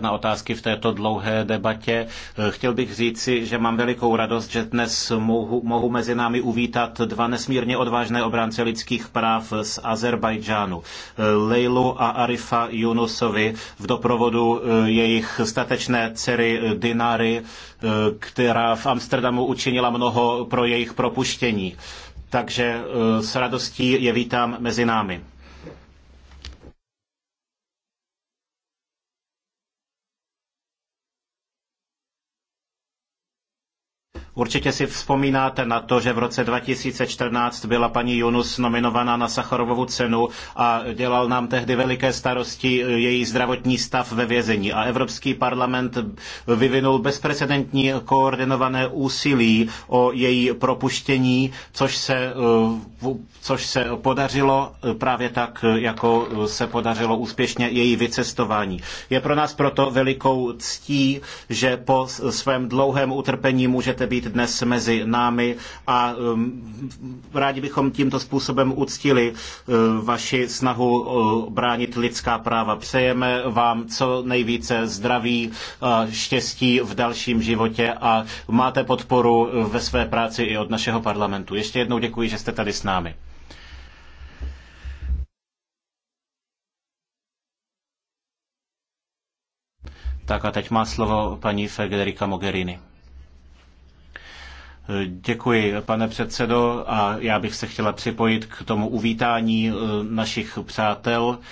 na otázky v této dlouhé debatě. Eh, chtěl bych říci, že mám velikou radost, že dnes mohu, mohu mezi námi uvítat dva nesmírně odvážné obránce lidských práv z Azerbajdžánu, eh, Leilu a Arifa Yunusovi v doprovodu eh, jejich statečné dcery Dinary, která v Amsterdamu učinila mnoho pro jejich propuštění. Takže s radostí je vítám mezi námi. Určitě si vzpomínáte na to, že v roce 2014 byla paní Yunus nominovaná na Sacharovovu cenu a dělal nám tehdy veliké starosti její zdravotní stav ve vězení. A Evropský parlament vyvinul bezprecedentní koordinované úsilí o její propuštění, což se, eh, což se podařilo právě tak, jako se podařilo úspěšně její vycestování. Je pro nás proto velikou ctí, že po svém dlouhém utrpení můžete být dnes mezi námi a um, rádi bychom tímto způsobem uctili uh, vaši snahu uh, bránit lidská práva. Přejeme vám co nejvíce zdraví, štěstí v dalším životě a máte podporu ve své práci i od našeho parlamentu. Ještě jednou děkuji, že jste tady s námi. Tak a teď má slovo paní Federica Mogherini. Děkuji, pane předsedo, a já bych se chtěla připojit k tomu uvítání eh, našich přátel